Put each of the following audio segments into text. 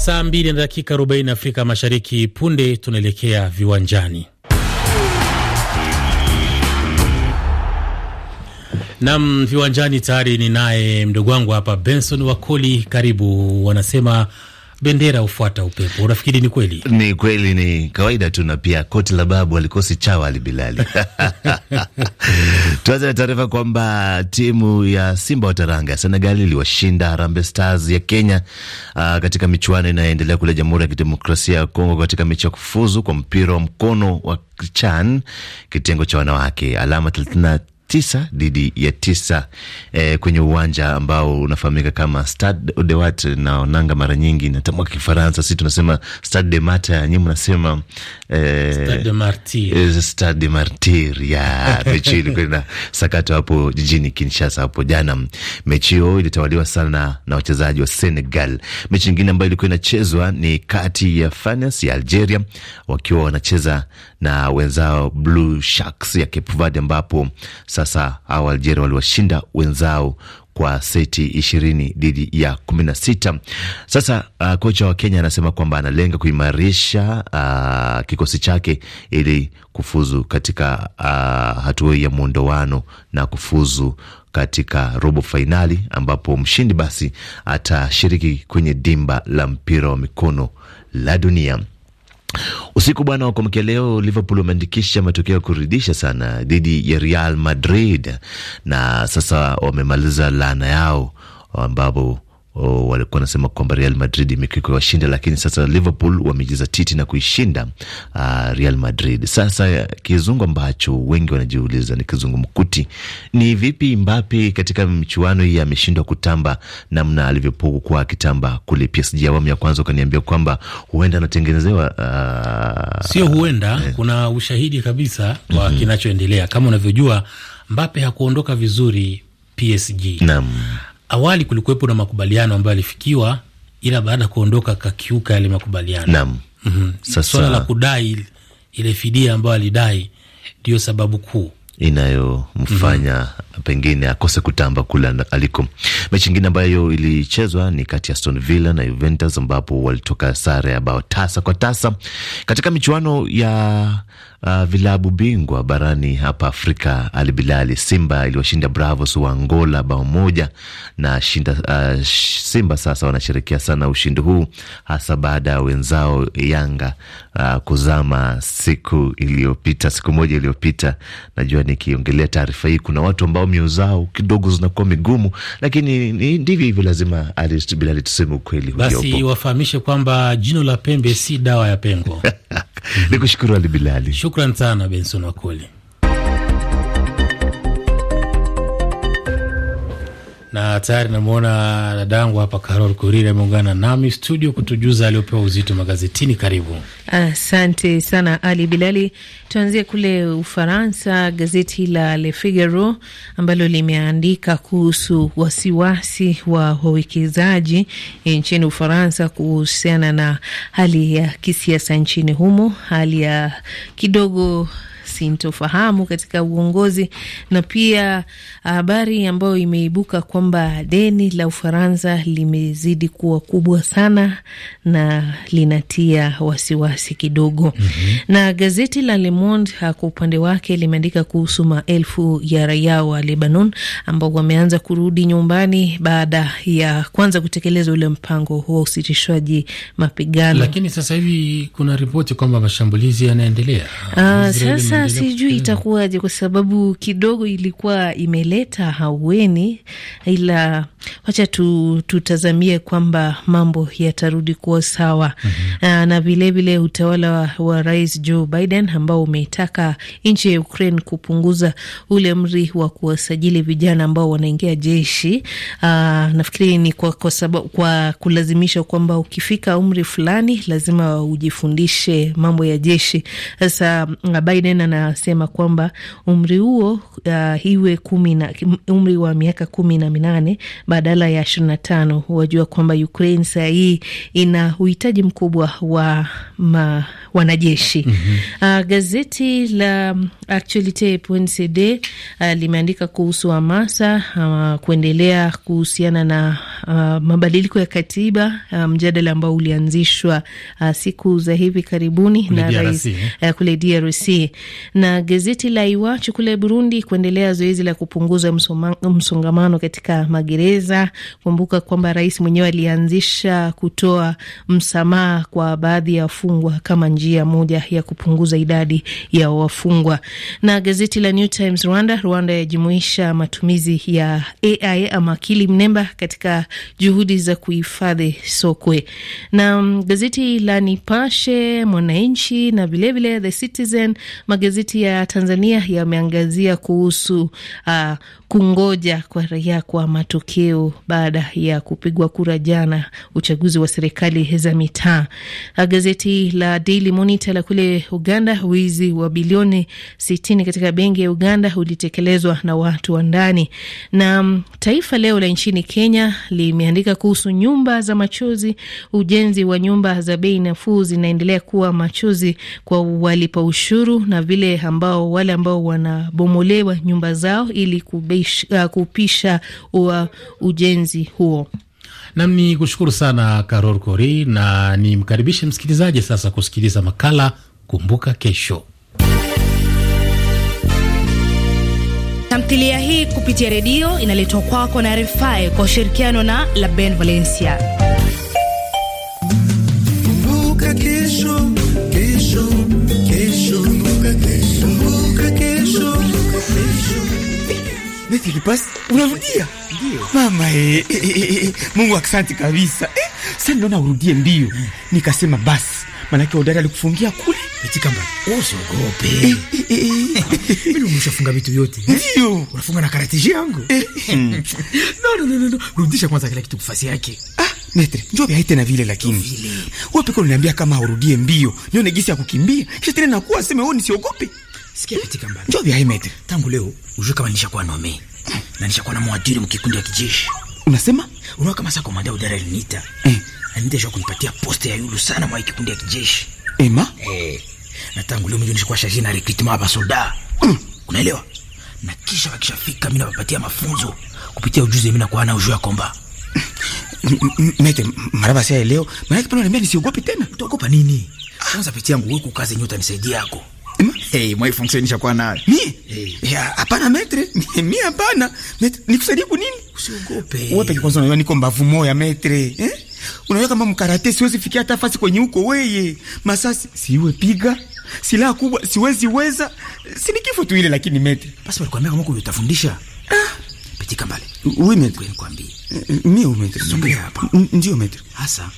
Saa 2 na dakika 40 Afrika Mashariki. Punde tunaelekea viwanjani. Nam viwanjani tayari ni naye mdogo wangu hapa Benson Wakoli. Karibu. Wanasema bendera hufuata upepo. Unafikiri ni kweli? Ni kweli, ni kawaida tu, na pia koti la babu alikosi chawa alibilali. Tuanze na taarifa kwamba timu ya Simba wa Taranga ya Senegal iliwashinda Harambee Stars ya Kenya aa, ah, katika michuano inayoendelea kule Jamhuri ya Kidemokrasia ya Kongo katika mechi ya kufuzu kwa mpira wa mkono wa CHAN kitengo cha wanawake alama tisa dhidi ya tisa e, kwenye uwanja ambao unafahamika kama Stade de Wat na onanga mara nyingi natamwa Kifaransa, si tunasema Stade de Mata, nyinyi mnasema eh, Stade Martir, eh, ya mechi ilikuwa na sakata hapo jijini Kinshasa hapo jana. Mechi hiyo ilitawaliwa sana na wachezaji wa Senegal. Mechi nyingine ambayo ilikuwa inachezwa ni kati ya Fanes ya Algeria wakiwa wanacheza na wenzao Blue Sharks ya Cape Verde, ambapo sasa hao Algeria waliwashinda wenzao kwa seti ishirini dhidi ya kumi na sita. Sasa uh, kocha wa Kenya anasema kwamba analenga kuimarisha uh, kikosi chake ili kufuzu katika uh, hatua ya mwondoano na kufuzu katika robo fainali ambapo mshindi basi atashiriki kwenye dimba la mpira wa mikono la dunia. Usiku bwana wa kuamkia leo, Liverpool wameandikisha matokeo ya kuridhisha sana dhidi ya Real Madrid na sasa wamemaliza laana yao ambapo Oh, walikuwa wanasema kwamba Real Madrid imekikwa washinda, lakini sasa Liverpool wamejeza titi na kuishinda uh, Real Madrid. Sasa kizungu ambacho wengi wanajiuliza ni kizungu mkuti, ni vipi Mbappe katika michuano hii ameshindwa kutamba namna alivyopokuwa akitamba kule PSG awamu ya kwanza? Ukaniambia kwamba huenda anatengenezewa uh, sio huenda eh, kuna ushahidi kabisa wa mm -hmm. kinachoendelea. Kama unavyojua Mbappe hakuondoka vizuri PSG. Naam awali kulikuwepo na makubaliano ambayo yalifikiwa, ila baada ya kuondoka kakiuka yale makubaliano. Naam. Mm -hmm. Sasa swala la kudai ile fidia ambayo alidai ndiyo sababu kuu inayomfanya mm -hmm pengine akose kutamba kule aliko. Mechi ingine ambayo ilichezwa ni kati ya Aston Villa na Juventus ambapo walitoka sare ya bao tasa kwa tasa katika michuano ya Uh, vilabu bingwa barani hapa Afrika, Al Bilal Simba iliwashinda Bravos wa Angola bao moja na shinda, uh, Simba sasa wanasherekea sana ushindi huu hasa baada ya wenzao Yanga uh, kuzama siku iliyopita, siku moja iliyopita. Najua nikiongelea taarifa hii kuna watu ambao mio zao kidogo zinakuwa migumu, lakini ndivyo hivyo, lazima Bilali, tuseme ukweli. Basi wafahamishe kwamba jino la pembe si dawa ya pengo. Nikushukuru Ali Bilali, shukran sana Benson Wakoli. na tayari namwona dadangu hapa Carol kurira ameungana nami studio kutujuza aliopewa uzito magazetini. Karibu. Asante sana Ali Bilali. Tuanzie kule Ufaransa, gazeti la Le Figaro ambalo limeandika kuhusu wasiwasi wa wawekezaji nchini Ufaransa kuhusiana na hali ya kisiasa nchini humo, hali ya kidogo sintofahamu katika uongozi, na pia habari ambayo imeibuka kwamba deni la Ufaransa limezidi kuwa kubwa sana na linatia wasiwasi kidogo. mm -hmm. Na gazeti la Le Monde ah, kwa upande wake limeandika kuhusu maelfu ya raia wa Lebanon ambao wameanza kurudi nyumbani baada ya kwanza kutekeleza ule mpango wa usitishwaji mapigano, lakini sasa hivi kuna ripoti kwamba mashambulizi yanaendelea. Ah, sasa sijui itakuwaje, kwa sababu kidogo ilikuwa imeleta haueni, ila wacha tu, tutazamie kwamba mambo yatarudi kuwa sawa mm -hmm. na vilevile utawala wa, wa Rais Joe Biden ambao umeitaka nchi ya Ukraine kupunguza ule mri wa kuwasajili vijana ambao wanaingia jeshi. Aa, ah, nafikiri ni kwa, kwa, sababu, kwa kulazimisha kwamba ukifika umri fulani lazima ujifundishe mambo ya jeshi. Sasa mm, Biden ana inasema kwamba umri huo uh, iwe kumi na umri wa miaka kumi na minane badala ya ishirini na tano. Wajua kwamba Ukraine saa hii ina uhitaji mkubwa wa ma, wanajeshi mm -hmm. uh, gazeti la Actualite.cd uh, limeandika kuhusu hamasa uh, kuendelea kuhusiana na uh, mabadiliko ya katiba uh, mjadala ambao ulianzishwa uh, siku za hivi karibuni na rais eh, kule DRC na gazeti la Iwachu kule Burundi kuendelea zoezi la kupunguza msongamano katika magereza. Kumbuka kwamba rais mwenyewe alianzisha kutoa msamaha kwa baadhi ya wafungwa kama njia moja ya kupunguza idadi ya wafungwa. Na gazeti la New Times Rwanda, Rwanda yajumuisha matumizi ya AI ama akili mnemba katika juhudi za kuhifadhi sokwe. Na mm, gazeti la Nipashe, Mwananchi na vilevile The Citizen magazeti magazeti ya Tanzania yameangazia kuhusu uh, kungoja kwa raia kwa matokeo baada ya kupigwa kura jana uchaguzi wa serikali za mitaa. Uh, gazeti la Daily Monitor la kule Uganda, wizi wa bilioni sitini katika benki ya Uganda ulitekelezwa na watu wa ndani. Na um, Taifa Leo la nchini Kenya limeandika kuhusu nyumba za machozi. Ujenzi wa nyumba za bei nafuu zinaendelea kuwa machozi kwa walipa ushuru na vile vile ambao wale ambao wanabomolewa nyumba zao ili kubish, uh, kupisha wa uh, ujenzi huo. Nam ni kushukuru sana Karol cori na nimkaribishe msikilizaji sasa kusikiliza makala Kumbuka Kesho. Tamthilia hii kupitia redio inaletwa kwako na RFI kwa ushirikiano na Laben Valencia. Kumbuka Kesho. hadithi ilipasi, unarudia ndio mama e, e, e, e. Mungu aksanti kabisa e, sasa niliona urudie mbio hmm. Nikasema basi manake odari alikufungia kule eti kamba usiogope. Eh, eh, Mimi nimeshafunga vitu vyote. Ndio. Unafunga na karatiji yangu. No no no no. Rudisha kwanza kila kitu kufasi yake. Ah, Metre, njoo bia tena vile lakini. Wewe pekee unaniambia kama urudie mbio, nione gisi ya kukimbia. Kisha tena nakuwa sema wewe nisiogope. Sikia kitu kamba. Njoo bia Metre. Tangu leo ujue kama nishakuwa nome na nishakuwa na mwadiri mkikundi ya kijeshi. Unasema unaona kama sasa komanda udara aliniita eh, anitashwa kunipatia posta ya yulu sana mwa kikundi ya kijeshi ema eh, na tangu leo mimi nishakuwa shaji na recruitment hapa soda mm. Unaelewa? Na kisha wakishafika mimi nawapatia mafunzo kupitia ujuzi mimi nakuwa na ujuzi komba Mete maraba sia leo, maana kipa niambia nisiogopi tena. Utaogopa nini? Kwanza pete yangu wewe kukaze nyota nisaidie yako. Hey, mwa ifunction nishakuwa nayo. Mi? Hey. Hapana metre. Mimi hapana. Nikusaidie kwa nini? Usiogope. Wote kwanza unajua niko mbavu moya metre. Eh? Unajua kama mkarate siwezi fikia hata fasi kwenye huko weye. Masasi siwe piga. Silaha kubwa siwezi weza. Si ni kifo tu ile lakini metre. Basi walikwambia kama utafundisha. Ah. Pitika mbali. Wewe metre nikwambie. Mimi umetre. Songea hapa. Ndio metre. Hasa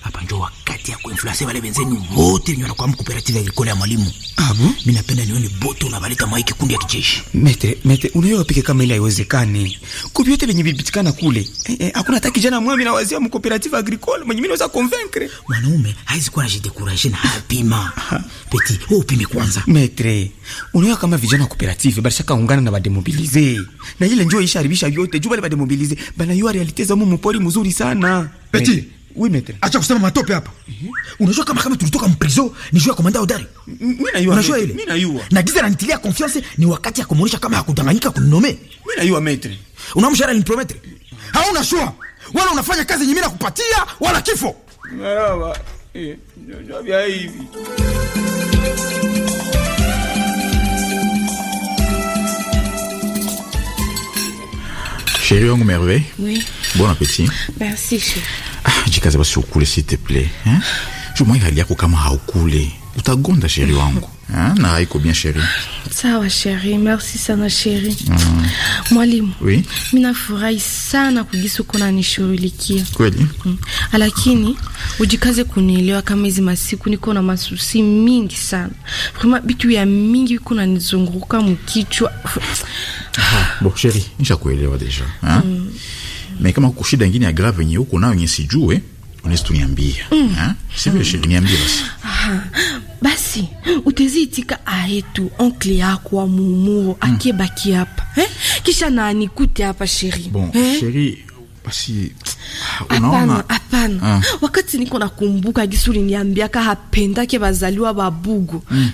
hapa njo wakati ya kuinfluence wale wenzenu wote wenye wanakuwa mkooperative agricole ya mwalimu. Abu, mimi napenda nione boto na baleta mwa kikundi ya kijeshi. Mete, mete, unajua pika kama ile haiwezekani. Kupi yote venye bibitikana kule. Eh, eh, hakuna hata kijana mwami na wazee wa mkooperative agricole mwenye mimi naweza convaincre. Mwanaume haizi kuwa anajidekuraje na hapima. Peti, wewe upime kwanza. Mete, unajua kama vijana wa cooperative basi kaungana na bademobilize. Na ile njoo isharibisha yote, juu bale bademobilize bana yua realiteza mu mpori mzuri sana. Peti, Oui, maître. Acha kusema matope hapa. Mhm. Unajua kama kama tulitoka mprizo ni juu komanda Odari. Mimi najua. Unajua ile? Mimi najua. Na giza ananitilia confiance ni wakati ya kumuonesha kama hakudanganyika kunome. Mimi najua maître. Unamshara ni prometre. Hauna shua. Wala unafanya kazi yenyewe na kupatia wala kifo. Merhaba. Eh, ndio ndio hivi. Chérie, on me réveille. Oui. Bon appétit. Merci, chérie jikaze basi ukule s'il te plaît hein? Juma ingali yako kama haukule utagonda sheri wangu ha? na haiko bien sheri. Sawa sheri, merci sana sheri. mm. Mwalimu, oui? minafurahi sana kugisu kuna nishughulikia kweli mm. Lakini ujikaze kunielewa, kama hizi masiku niko na masusi mingi sana vrema, bitu ya mingi kuna nizunguruka mkichwa. Ah, bon sheri, nishakuelewa deja mm na kama kuko shida ingine ya grave yenye huko nayo yenye sijue unaweza tuniambia mm. si mm. niambie basi Aha. basi utaziitika aetu onkle yako wa amumuro mm. akebaki hapa eh? kisha na nikute hapa sheri bon, eh? sheri basi ah, Hapana, hapana. Ah. Wakati niko nakumbuka Gisu liniambiaka hapendake bazaliwa babugu mm.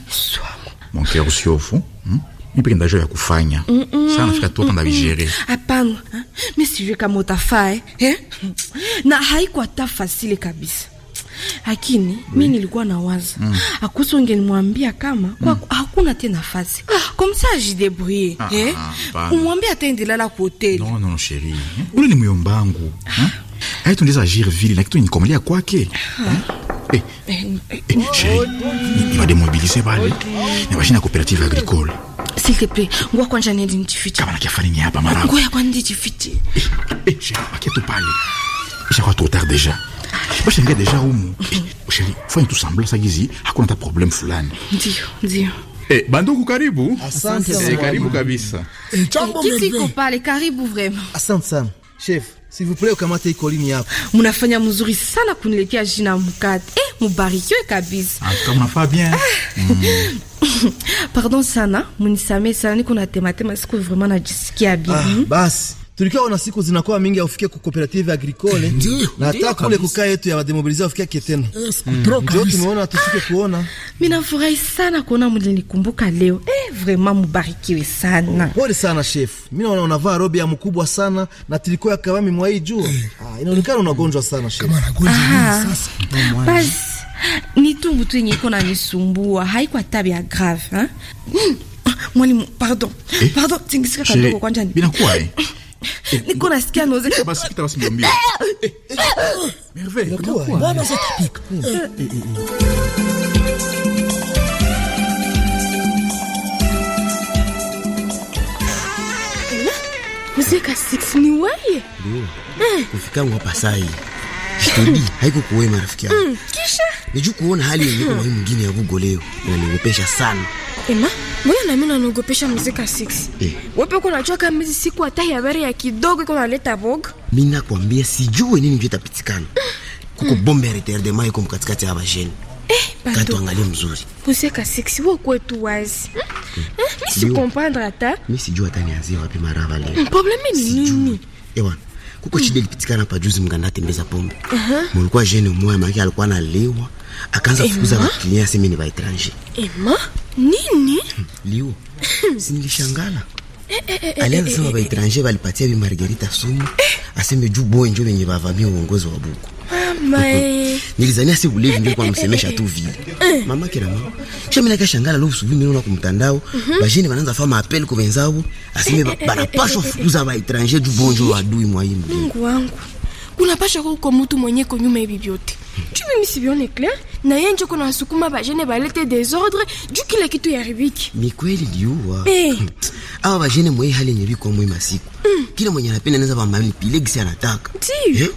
mwankerusiofu hmm? nipe ndajua ya kufanya mm -mm. Sasa nafika tu hapa ndavijere hapana, mimi sijui kama utafaa eh? na haikuwa ta fasili kabisa lakini oui. mi nilikuwa na waza mm. akusu ngelimwambia kama kwa, mm. hakuna tena nafasi komsa ah. ajidebrouille ah, eh? Ah, umwambia ataendelala kuhoteli no, no, sheri ule ni myombangu aitundiza agir vile na kitu kwake ah. eh? ne eh, eh, eh, bademobilise pale na bashina cooperative agricole s'il te plaît ngoja kwanza niende nijifiche kama nakia fani hapa mara ngoja kwanza nijifiche eh je paketo pale ishakuwa trop tard deja bashaingia deja humu sheri fanya tu sambla sagizi hakuna hata problem fulani ndio ndio Eh, oh, banduku karibu. Asante sana. Eh, karibu kabisa. Eh, chambo mbele. Kiki iko pale, karibu vraiment. Asante sana. Chef, Sivupule ukamate ikolini hapo. Munafanya mzuri sana kuniletea jina mkate. Eh, mubarikiwe kabisa. Kama unafaa bien. Ah. Pardon sana, munisamee sana niko na tema tema, siku vraiment najisikia bien. Ah, basi tulikuwa na siku zinakuwa mingi aufikia ku cooperative agricole na hata kule kukaa yetu ya demobilize aufikia ketena eh, Ndio tumeona tufike kuona. Ah, mimi nafurahi sana kuona mlinikumbuka leo eh, vraiment mubarikiwe sana. Pole sana chef, mimi naona unavaa robe ya mkubwa sana na tilikuwa kawami mwai jua eh. Ah, inaonekana unagonjwa sana chef. Kama nagonjwa ah. sasa. Oh, Basi ni tungu tu yenye iko na nisumbua haiko tabia grave eh? Mwalimu, pardon eh? Pardon, tingisika kadogo kwanja. Binakuwa eh? Eh, Niko nasikia noze. Eh, basi kita basi za eh, tapika. ni hmm. Ndio. Kufika ngwa Studi haiko kuwe marafiki yangu. Hmm, kisha? kuona hali mwingine ya Google leo. Inaniogopesha sana. Ema, mbona na mimi nanogopesha muzika 6? Eh. Wewe uko unachoka hizi siku hata bari ya kidogo iko naleta vogue. Mimi nakwambia sijui nini ndio itapitikana. Kuko mm. bombe de mai kum katikati ya bajeni. Eh, kati angalie mzuri. Muzika 6 wewe kwetu wazi. Mimi mm. eh, si comprendre hata. Mimi sijui hata nianzie wapi marava leo. Mm, Probleme ni nini? Ewa. Kuko shida ilipitikana pa juzi mganda tembeza pombe. Uh -huh. Mulikuwa jeni mmoja maki alikuwa analiwa akaanza kufukuza wakilinia simi ni baetranje. Ema nini hmm, liu sinilishangala eh, eh, eh, alianza sema baetranje walipatia bi Margarita sumu aseme juu bonjo wenye bavamia uongozi wa buku mama nilizania si ulevi ndio kwa msemesha tu vile mama kira mama kisha mimi nikashangala leo usubuhi niliona kwa mtandao mhm. bajini wanaanza fama apel kwa wenzao aseme banapaswa fukuza ba étranger juu bonjo wa adui mwaimu Mungu wangu unapasha kuko mutu mwenye konyuma hivi vyote juu mimi sivione clair na yeye njo kuna wasukuma bajene balete desordre juu kila kitu yaribiki. Ni kweli liuwa hey. Eh. awa bajene mwei hali yenye biko mwei masiku mm. kila mwenye anapenda anaweza bamanipile gisi anataka eh?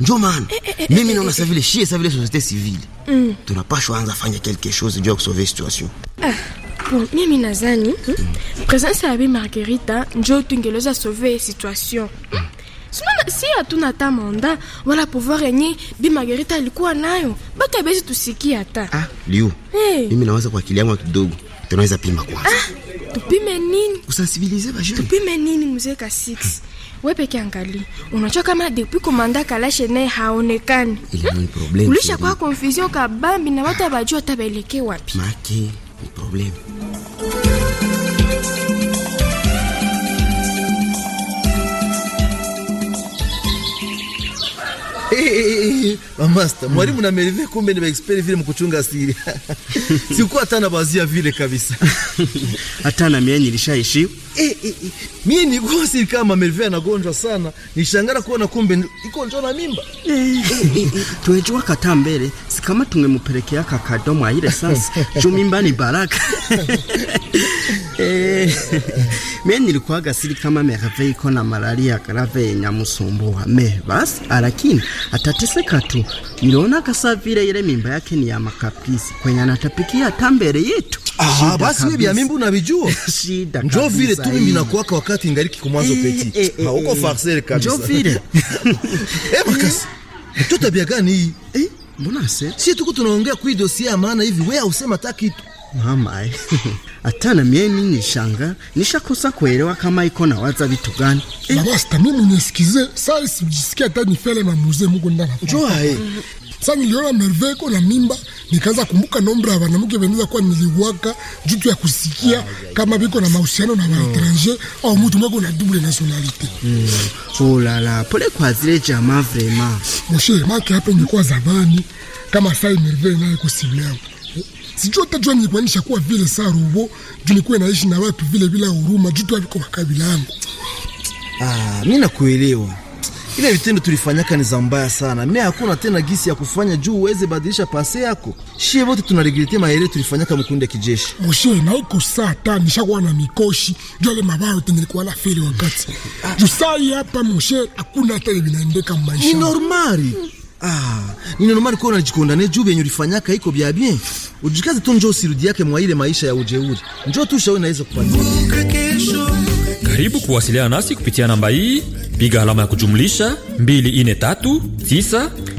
njo maana eh, eh, eh, mimi eh, naona eh, savile eh. shie savile societe civile mm. tunapashwa anza fanya quelque chose juu ya kusauve situation ah. Bon, mimi nazani hmm? mm. presence ya bi Margarita tungeleza sauve situation mm. Simama, si hatuna hata manda wala pouvoir yenye Bi Margarita alikuwa nayo, batu abezi tusikia hata. Ah, Liu. Hey. Eh. Mimi naweza kwa akili yangu kidogo. Tunaweza pima kwanza. Ah, tupime nini? Kusensibilize ba jeune. Tupime nini mzee ka 6? Wewe peke angali. Unajua kama depuis komanda kalashe naye haonekani. Ile ni problem. Ulisha kwa confusion kabambi na watu abajua tabeleke wapi. Maki, ni problem. hey, master mwalimu na Merive kumbe ni maexperi vile mkuchunga siri sikuwa hata na bazia vile kabisa hata na mimi nilishaishi eh, eh, eh. mie ni mimi siri kama Merive anagonjwa sana nishangara kuona kumbe iko njoo na mimba tuwejua kata mbele si kama tungemupelekea kakadomo aile sasa juu ni baraka Eh. mimi nilikuwaga sili kama mereve iko na malaria grave inamusumbua me bas lakini atateseka tu. Niliona kasa vile ile mimba yake ni ya makapisi kwenye anatapikia tambere yetu. Aha, basi wewe bia mimba unavijua shida Njo vile tu mimi nakuwa kwa wakati ingali kikomwazo eh, peti. e, eh, e, hauko farsele kabisa. Njo vile eh, makas. mtoto bia gani hii eh? Mbona sasa si tuko tunaongea kwa dossier ya maana hivi, wewe usema hata kitu mwamaye atana myeni nishanga nishakosa kuelewa kama iko na waza vitu gani eh. Barasta mimi unisikize sasa, sijisikia hata nifele na muzee Mungu ndana joa eh sasa niliona merveko na mimba, nikaanza kumbuka nombra ya wanamke veneza kwa niliwaka jitu ya kusikia ah, yeah, kama biko na mahusiano na waetranger oh, au mm. mtu mwako na double nationalite mm. Oh la la, pole kwa zile jamaa vrema moshe make hape nyekwa zamani kama sai merveko naye kusibilangu sijui hata juu nilikuanisha kuwa vile saa robo juu naishi na watu vile bila huruma juu tu kwa kabila yangu. Ah, mimi nakuelewa. Ile vitendo tulifanyaka ni za mbaya sana. Mimi hakuna tena gisi ya kufanya juu uweze badilisha pase yako. Shie wote tunaregrete maere tulifanyaka mkundi ya kijeshi. Mshe na huko saa ta nishakuwa na mikoshi jole ile mabayo nilikuwa na feli wakati. Ah. jusai hapa mshe hakuna hata vinaendeka maisha. Ni normali. Ah, nino nomari kuona jikondane juu byenye ulifanyaka iko bya bien. ujikazi tu njoo sirudi yake mwa maisha ya ujeuri. Njoo tu shauri naweza kupata. Karibu kuwasiliana nasi kupitia namba hii, piga alama ya kujumlisha 243 9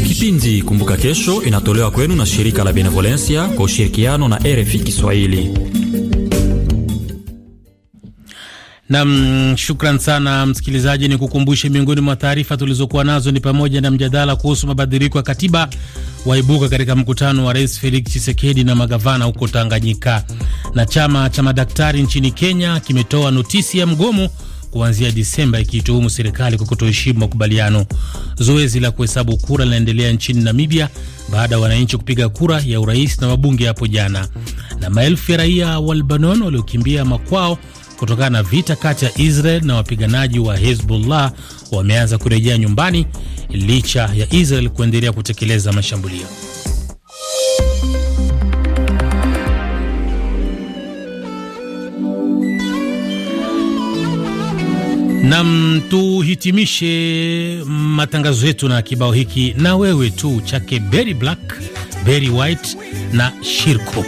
Kipindi Kumbuka Kesho inatolewa kwenu na shirika la Benevolencia kwa ushirikiano na RFI Kiswahili. Nam, shukran sana msikilizaji. Ni kukumbushe miongoni mwa taarifa tulizokuwa nazo ni pamoja na mjadala kuhusu mabadiliko ya katiba waibuka katika mkutano wa Rais Felix chisekedi na magavana huko Tanganyika, na chama cha madaktari nchini Kenya kimetoa notisi ya mgomo kuanzia Disemba, ikiituhumu serikali kwa kutoheshimu makubaliano. Zoezi la kuhesabu kura linaendelea nchini Namibia baada ya wananchi kupiga kura ya urais na wabunge hapo jana. Na maelfu ya raia wa Lebanon waliokimbia makwao kutokana na vita kati ya Israel na wapiganaji wa Hezbollah wameanza kurejea nyumbani licha ya Israel kuendelea kutekeleza mashambulio. Nam, tuhitimishe matangazo yetu na kibao hiki na wewe tu chake Berry Black, Berry White na Shirko.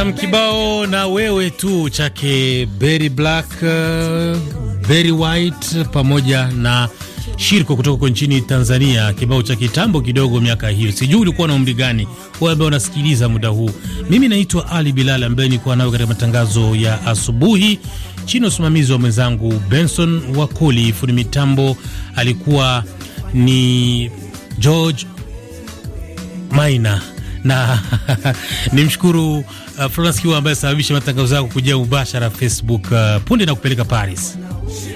Nam kibao na wewe tu chake Berry Black, uh, Berry White pamoja na Shirko kutoka nchini Tanzania, kibao cha kitambo kidogo, miaka hiyo. Sijui ulikuwa na umri gani wewe ambaye unasikiliza muda huu. Mimi naitwa Ali Bilal ambaye nilikuwa nawe katika matangazo ya asubuhi chini ya usimamizi wa mwenzangu Benson Wakoli. Fundi mitambo alikuwa ni George Maina na nimshukuru uh, Florence Kiwa ambaye sababisha matangazo yako kujia mubashara Facebook uh, punde na kupeleka Paris.